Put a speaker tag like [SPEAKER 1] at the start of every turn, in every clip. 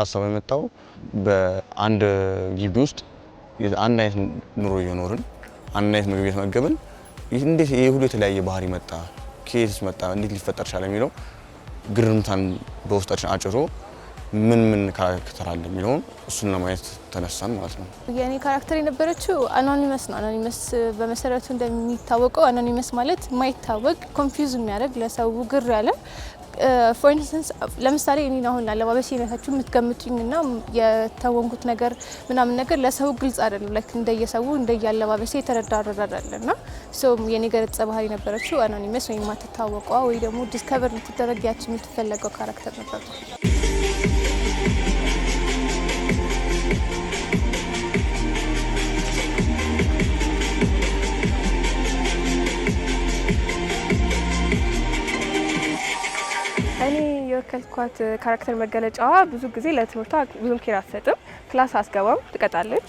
[SPEAKER 1] ሀሳብ የመጣው በአንድ ግቢ ውስጥ አንድ አይነት ኑሮ እየኖርን አንድ አይነት ምግብ እየተመገብን እንዴት ይህ ሁሉ የተለያየ ባህሪ መጣ፣ ከየትስ መጣ፣ እንዴት ሊፈጠር ቻለ የሚለው ግርምታን በውስጣችን አጭሮ ምን ምን ካራክተር አለ የሚለውን እሱን ለማየት ተነሳን ማለት ነው።
[SPEAKER 2] የእኔ ካራክተር የነበረችው አኖኒመስ ነው። አኖኒመስ በመሰረቱ እንደሚታወቀው አኖኒመስ ማለት ማይታወቅ ኮንፊውዝ የሚያደርግ ለሰው ግር ያለ ፎር ኢንስተንስ ለምሳሌ እኔን አሁን አለባበሴ አይነታችሁ ና የተወንኩት ነገር ምናምን ነገር ለሰው ግልጽ አይደለም። ላይክ እንደየሰው እንደየአለባበሴ የተረዳ ና ሰውም የኔ ገጸ ባህሪ ነበረችው አናኒመስ ወይም ማትታወቋ ወይ ደግሞ ዲስከቨር ልትደረግ ያች የምትፈለገው ካራክተር ነበር። የተከልኳት ካራክተር መገለጫዋ ብዙ ጊዜ ለትምህርቷ ብዙም ኬር አትሰጥም፣ ክላስ አስገባም፣ ትቀጣለች።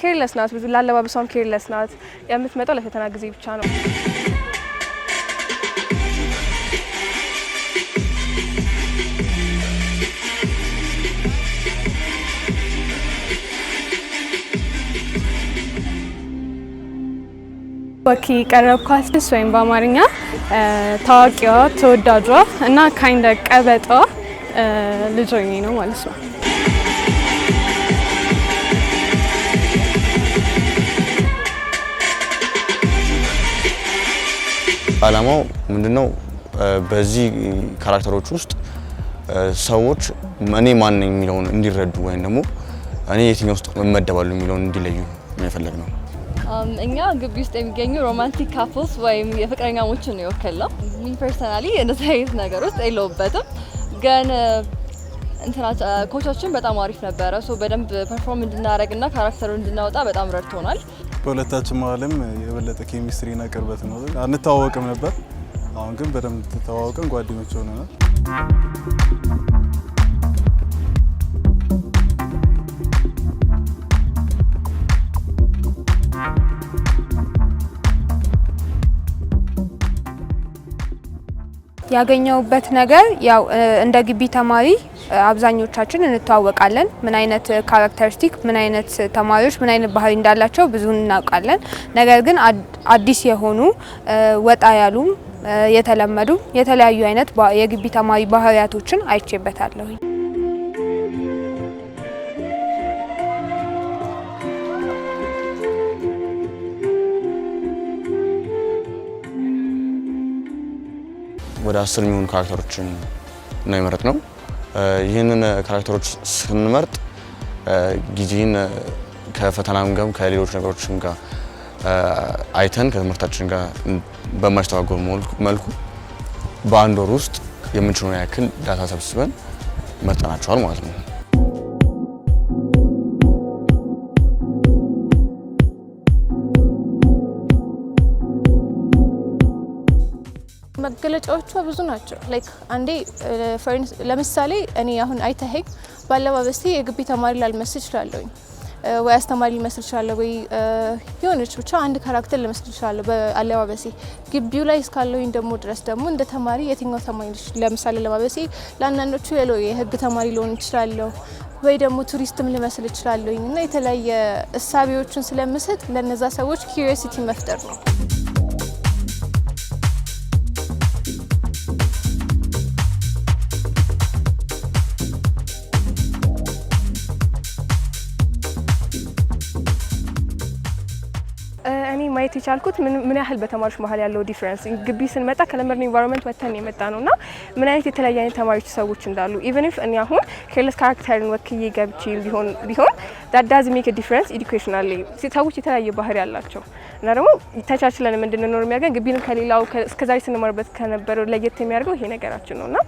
[SPEAKER 2] ኬርለስ ናት፣ ብዙ ላለባበሷም ኬርለስ ናት። የምትመጣው ለፈተና ጊዜ ብቻ ነው። ባኪ ቀረብኩ ኳስ ወይም በአማርኛ ታዋቂዋ ተወዳጇ እና ካይንደ ቀበጧ ልጆኝ ነው ማለት ነው።
[SPEAKER 1] አላማው ምንድነው? በዚህ ካራክተሮች ውስጥ ሰዎች እኔ ማን ነኝ የሚለውን እንዲረዱ ወይም ደግሞ እኔ የትኛው ውስጥ እመደባሉ የሚለውን እንዲለዩ የሚፈለግ ነው።
[SPEAKER 2] Um, እኛ ግቢ ውስጥ የሚገኙ ሮማንቲክ ካፕልስ ወይም የፍቅረኛ የፍቅረኛሞችን ነው የወከልነው። ሚ ፐርሰናሊ እንደዚህ አይነት ነገር ውስጥ የለውበትም፣ ግን ኮቻችን uh, uh, በጣም አሪፍ ነበረ። በደንብ ፐርፎርም እንድናደረግ ና ካራክተሩ እንድናወጣ በጣም ረድቶናል።
[SPEAKER 1] በሁለታችን መሀልም የበለጠ ኬሚስትሪ ና ቅርበት ነው። አንተዋወቅም ነበር፣ አሁን ግን በደንብ ተዋወቅን፣ ጓደኞች ሆነናል።
[SPEAKER 2] ያገኘውበት ነገር ያው እንደ ግቢ ተማሪ አብዛኞቻችን እንተዋወቃለን። ምን አይነት ካራክተሪስቲክ፣ ምን አይነት ተማሪዎች ምን አይነት ባህሪ እንዳላቸው ብዙ እናውቃለን። ነገር ግን አዲስ የሆኑ ወጣ ያሉ የተለመዱ የተለያዩ አይነት የግቢ ተማሪ ባህሪያቶችን አይቼበታለሁኝ።
[SPEAKER 1] ወደ አስር የሚሆኑ ካራክተሮችን ነው የመረጥ ነው። ይህንን ካራክተሮች ስንመርጥ ጊዜን ከፈተናም ጋር ከሌሎች ነገሮችም ጋር አይተን ከትምህርታችን ጋር በማይስተጓጎል መልኩ በአንድ ወር ውስጥ የምንችለውን ያክል ዳታ ሰብስበን መርጠናቸዋል ማለት ነው።
[SPEAKER 2] መገለጫዎቿ ብዙ ናቸው። ላይክ አንዴ uh, ለምሳሌ እኔ አሁን አይተኸኝ በአለባበሴ የግቢ ተማሪ ላልመስል እችላለሁኝ፣ uh, ወይ አስተማሪ ልመስል እችላለሁ፣ ወይ uh, የሆነች ብቻ አንድ ካራክተር ልመስል እችላለሁ በአለባበሴ። ግቢው ላይ እስካለሁኝ ደግሞ ድረስ ደግሞ እንደ ተማሪ የትኛው ተማሪ ለምሳሌ አለባበሴ ለአንዳንዶቹ የለው የህግ ተማሪ ልሆን እችላለሁ ወይ ደግሞ ቱሪስትም ልመስል እችላለሁኝ እና የተለያየ እሳቤዎችን ስለምስት ለነዛ ሰዎች ኪሪዮሲቲ መፍጠር ነው። እኔ ማየት የቻልኩት ምን ያህል በተማሪዎች መሀል ያለው ዲፍረንስ ግቢ ስንመጣ ከለመድነው ኢንቫይሮንመንት ወጥተን የመጣ ነው እና ምን አይነት የተለያየ አይነት ተማሪዎች ሰዎች እንዳሉ ኢቨን ኢፍ እኔ አሁን ኬርለስ ካራክተርን ወክዬ ገብቼ ቢሆን ቢሆን ዳዳዝ ሜክ ዲፍረንስ ኢዱኬሽናል ሰዎች የተለያየ ባህሪ ያላቸው እና ደግሞ ተቻችለን እንድንኖር የሚያደርገን ግቢንም ከሌላው እስከዛሬ ስንማርበት ከነበረው ለየት የሚያደርገው ይሄ ነገራችን ነው እና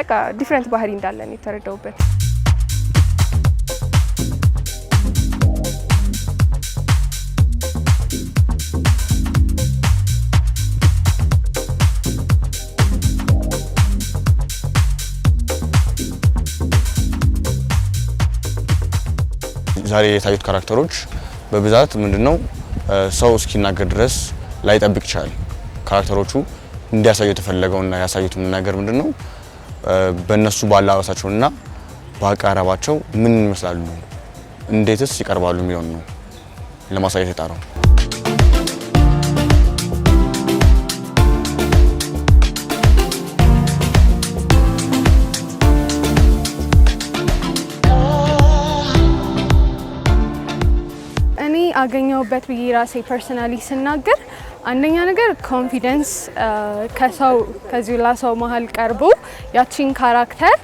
[SPEAKER 2] በቃ ዲፍረንት ባህሪ እንዳለን የተረዳውበት
[SPEAKER 1] ዛሬ የታዩት ካራክተሮች በብዛት ምንድነው ሰው እስኪናገር ድረስ ላይጠብቅ ይችላል። ካራክተሮቹ እንዲያሳዩ የተፈለገውና ያሳዩት ነገር ምንድነው በእነሱ ባለባበሳቸውና በአቀራረባቸው ምን ይመስላሉ፣ እንዴትስ ይቀርባሉ የሚለውን ነው ለማሳየት የጣረው።
[SPEAKER 2] አገኘሁበት ብዬ ራሴ ፐርሰናሊ ስናገር አንደኛ ነገር ኮንፊደንስ ከሰው ከዚሁ ላሰው መሀል ቀርቦ ያቺን ካራክተር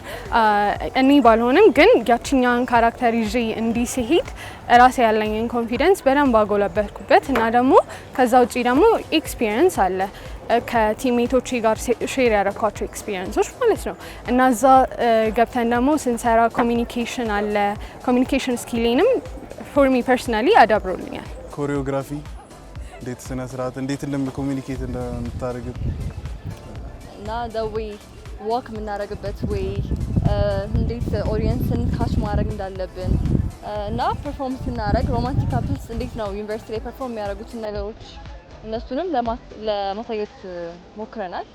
[SPEAKER 2] እኔ ባልሆንም ግን ያቺኛን ካራክተር ይዤ እንዲህ ሲሄድ ራሴ ያለኝን ኮንፊደንስ በደንብ አጎለበትኩበት እና ደግሞ ከዛ ውጪ ደግሞ ኤክስፒሪየንስ አለ ከቲሜቶቼ ጋር ሼር ያደረኳቸው ኤክስፒሪየንሶች ማለት ነው እና እዛ ገብተን ደግሞ ስንሰራ ኮሚኒኬሽን አለ ኮሚኒኬሽን ስኪሌንም ፎር ሚ ፐርሰናሊ አዳብሮልኛል።
[SPEAKER 1] ኮሪዮግራፊ እንዴት ስነ ስርዓት እንዴት እንደምኮሚኒኬት እንደምታደርግብ
[SPEAKER 2] እና ዘዌይ ዋክ የምናደርግበት ወይ እንዴት ኦዲየንስን ካች ማድረግ እንዳለብን እና ፐርፎርም ስናደርግ ሮማንቲክ ካፕልስ እንዴት ነው ዩኒቨርሲቲ ላይ ፐርፎርም የሚያደርጉትን ነገሮች እነሱንም ለማሳየት ሞክረናል።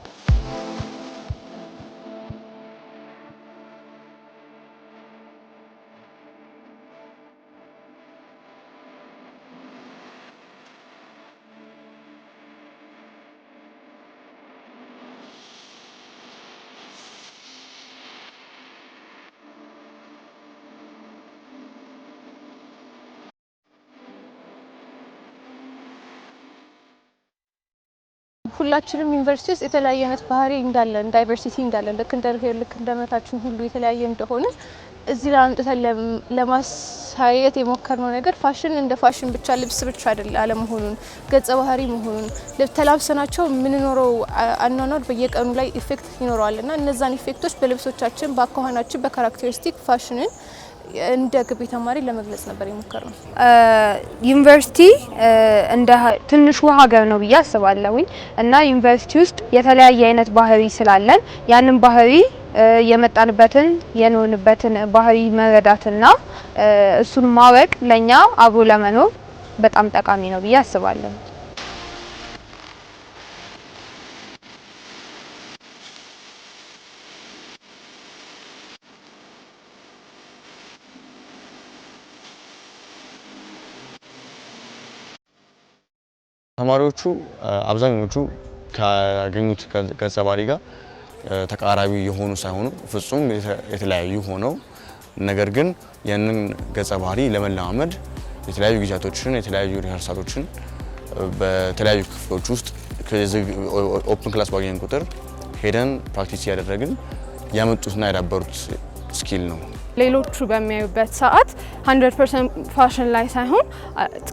[SPEAKER 2] ሁላችንም ዩኒቨርሲቲ ውስጥ የተለያየ አይነት ባህሪ እንዳለን ዳይቨርሲቲ እንዳለን ልክ እንደ ርሄር ልክ እንደ እንደመታችን ሁሉ የተለያየ እንደሆነ እዚህ ላይ አምጥተን ለማሳየት የሞከርነው ነገር ፋሽን እንደ ፋሽን ብቻ ልብስ ብቻ አይደለ አለመሆኑን ገጸ ባህሪ መሆኑን ተላብሰናቸው የምንኖረው አኗኗር በየቀኑ ላይ ኢፌክት ይኖረዋል እና እነዛን ኢፌክቶች በልብሶቻችን፣ በአካኋናችን በካራክተሪስቲክ ፋሽንን እንደ ግቢ ተማሪ ለመግለጽ ነበር የሞከርነው። ዩኒቨርሲቲ እንደ ትንሹ ሀገር ነው ብዬ አስባለሁኝ እና ዩኒቨርሲቲ ውስጥ የተለያየ አይነት ባህሪ ስላለን ያንን ባህሪ የመጣንበትን የኖርንበትን ባህሪ መረዳትና እሱን ማወቅ ለኛ አብሮ ለመኖር በጣም ጠቃሚ ነው ብዬ አስባለሁ።
[SPEAKER 1] ተማሪዎቹ አብዛኞቹ ካገኙት ገጸ ባህሪ ጋር ተቃራቢ የሆኑ ሳይሆኑ ፍጹም የተለያዩ ሆነው ነገር ግን ያንን ገጸ ባህሪ ለመለማመድ የተለያዩ ጊዜያቶችን የተለያዩ ሪሀርሳቶችን በተለያዩ ክፍሎች ውስጥ ኦፕን ክላስ ባገኘን ቁጥር ሄደን ፕራክቲስ እያደረግን ያመጡትና ያዳበሩት ስኪል ነው።
[SPEAKER 2] ሌሎቹ በሚያዩበት ሰዓት 100 ፐርሰንት ፋሽን ላይ ሳይሆን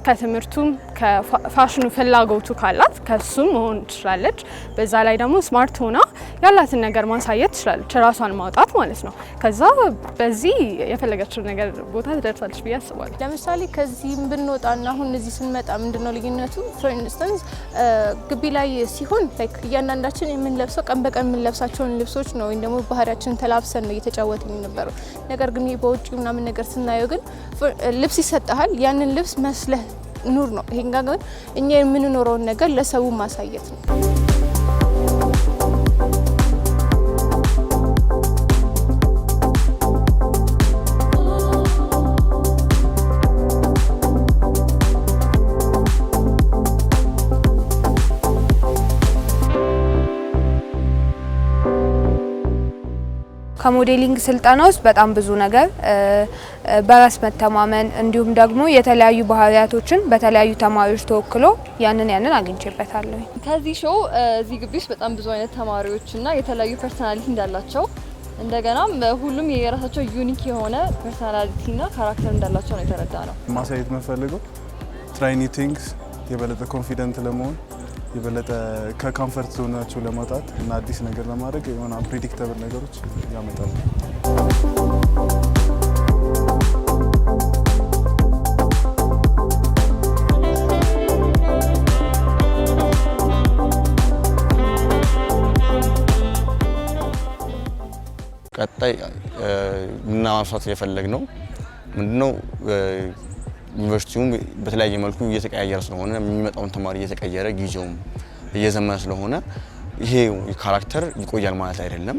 [SPEAKER 2] ከትምህርቱም ከፋሽኑ ፍላጎቱ ካላት ከሱም መሆን ትችላለች። በዛ ላይ ደግሞ ስማርት ሆና ያላትን ነገር ማሳየት ትችላለች፣ ራሷን ማውጣት ማለት ነው። ከዛ በዚህ የፈለገችው ነገር ቦታ ትደርሳለች ብዬ አስባለሁ። ለምሳሌ ከዚህም እና አሁን እዚህ ስንመጣ ምንድነው ልዩነቱ? ፎር ኢንስታንስ ግቢ ላይ ሲሆን ላይክ እያንዳንዳችን የምንለብሰው ቀን በቀን የምንለብሳቸውን ልብሶች ነው ወይም ደግሞ ባህሪያችን ተላብሰን ነው እየተጫወትን የነበረው ነገር ግን በውጭ ምናምን ነገር ስናየው ግን ልብስ ይሰጠሃል ያንን ልብስ መስለህ ኑር ነው። ጋር ግን እኛ የምንኖረውን ነገር ለሰው ማሳየት ነው። ከሞዴሊንግ ስልጠና ውስጥ በጣም ብዙ ነገር በራስ መተማመን እንዲሁም ደግሞ የተለያዩ ባህሪያቶችን በተለያዩ ተማሪዎች ተወክሎ ያንን ያንን አግኝቼበታለሁ። ከዚህ ሾው እዚህ ግቢ ውስጥ በጣም ብዙ አይነት ተማሪዎችና የተለያዩ ፐርሶናሊቲ እንዳላቸው እንደገናም ሁሉም የራሳቸው ዩኒክ የሆነ ፐርሶናሊቲና ካራክተር እንዳላቸው ነው የተረዳ ነው
[SPEAKER 1] ማሳየት መፈልገው ትራይኒቲንግስ የበለጠ ኮንፊደንት ለመሆን የበለጠ ከካምፈርት ዞናቸው ለመውጣት እና አዲስ ነገር ለማድረግ የሆነ አንፕሪዲክተብል ነገሮች ያመጣሉ። ቀጣይ እና የፈለግ ነው ምንድነው ዩኒቨርሲቲውም በተለያየ መልኩ እየተቀያየረ ስለሆነ የሚመጣውን ተማሪ እየተቀየረ ጊዜውም እየዘመነ ስለሆነ ይሄ ካራክተር ይቆያል ማለት አይደለም።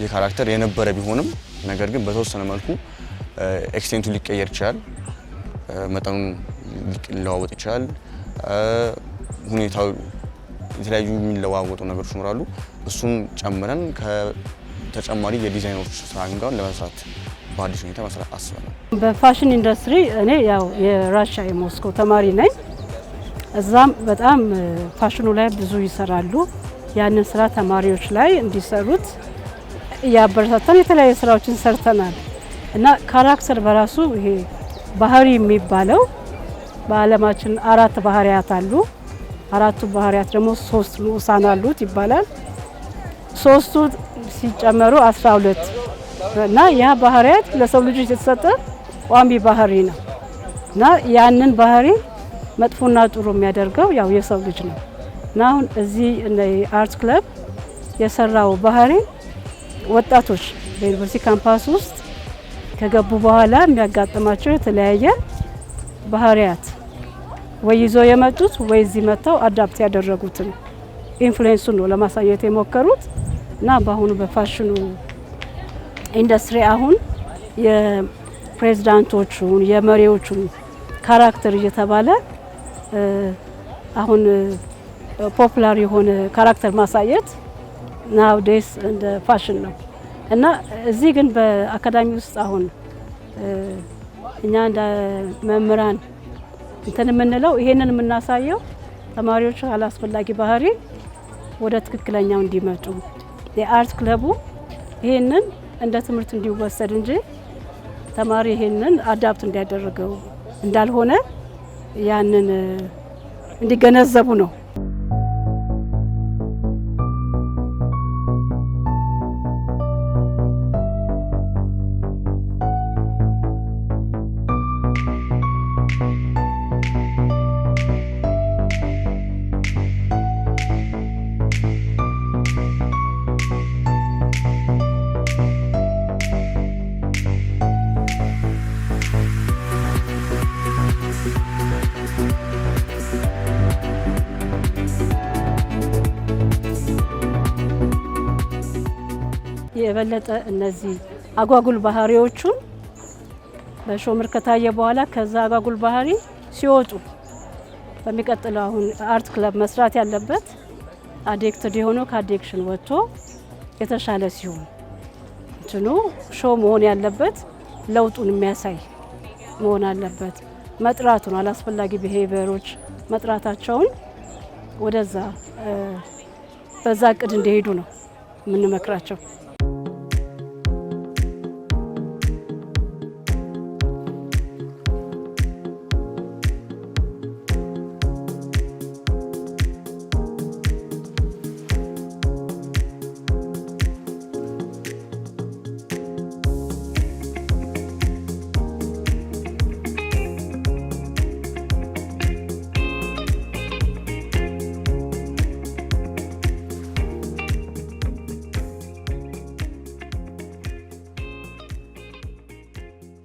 [SPEAKER 1] ይህ ካራክተር የነበረ ቢሆንም ነገር ግን በተወሰነ መልኩ ኤክስቴንቱ ሊቀየር ይችላል፣ መጠኑን ሊለዋወጥ ይችላል። ሁኔታው የተለያዩ የሚለዋወጡ ነገሮች ይኖራሉ። እሱን ጨምረን ከተጨማሪ የዲዛይኖች ስራ ጋር ለመስራት በአዲስ ሁኔታ መስራት አስባለሁ።
[SPEAKER 2] በፋሽን ኢንዱስትሪ እኔ ያው የራሻ የሞስኮ ተማሪ ነኝ። እዛም በጣም ፋሽኑ ላይ ብዙ ይሰራሉ። ያንን ስራ ተማሪዎች ላይ እንዲሰሩት እያበረታታን የተለያዩ ስራዎችን ሰርተናል እና ካራክተር በራሱ ይሄ ባህሪ የሚባለው በዓለማችን አራት ባህሪያት አሉ። አራቱ ባህሪያት ደግሞ ሶስት ንዑሳን አሉት ይባላል። ሶስቱ ሲጨመሩ አስራ ሁለት እና ያ ባህሪያት ለሰው ልጆች የተሰጠ ቋሚ ባህሪ ነው እና ያንን ባህሪ መጥፎና ጥሩ የሚያደርገው ያው የሰው ልጅ ነው እና አሁን እዚህ አርት ክለብ የሰራው ባህሪ ወጣቶች በዩኒቨርሲቲ ካምፓስ ውስጥ ከገቡ በኋላ የሚያጋጥማቸው የተለያየ ባህሪያት ወይ የመጡት ወይ እዚህ መጥተው አዳፕት ያደረጉትን ኢንፍሉዌንሱን ነው ለማሳየት የሞከሩት እና በአሁኑ በፋሽኑ ኢንዱስትሪ አሁን የፕሬዝዳንቶቹን የመሪዎቹን ካራክተር እየተባለ አሁን ፖፑላር የሆነ ካራክተር ማሳየት ናው ዴስ እንደ ፋሽን ነው እና እዚህ ግን በአካዳሚ ውስጥ አሁን እኛ እንደ መምህራን እንትን የምንለው ይሄንን የምናሳየው ተማሪዎቹ አላስፈላጊ ባህሪ ወደ ትክክለኛው እንዲመጡ የአርት ክለቡ ይህንን እንደ ትምህርት እንዲወሰድ እንጂ ተማሪ ይሄንን አዳፕት እንዲያደርገው እንዳልሆነ ያንን እንዲገነዘቡ ነው። የበለጠ እነዚህ አጓጉል ባህሪዎቹን በሾምር ከታየ በኋላ ከዛ አጓጉል ባህሪ ሲወጡ በሚቀጥለው አሁን አርት ክለብ መስራት ያለበት አዴክትድ የሆነው ከአዴክሽን ወጥቶ የተሻለ ሲሆን እንትኑ ሾ መሆን ያለበት ለውጡን የሚያሳይ መሆን አለበት። መጥራቱ ነው አላስፈላጊ ብሄቪየሮች መጥራታቸውን ወደዛ በዛ እቅድ እንዲሄዱ ነው የምንመክራቸው።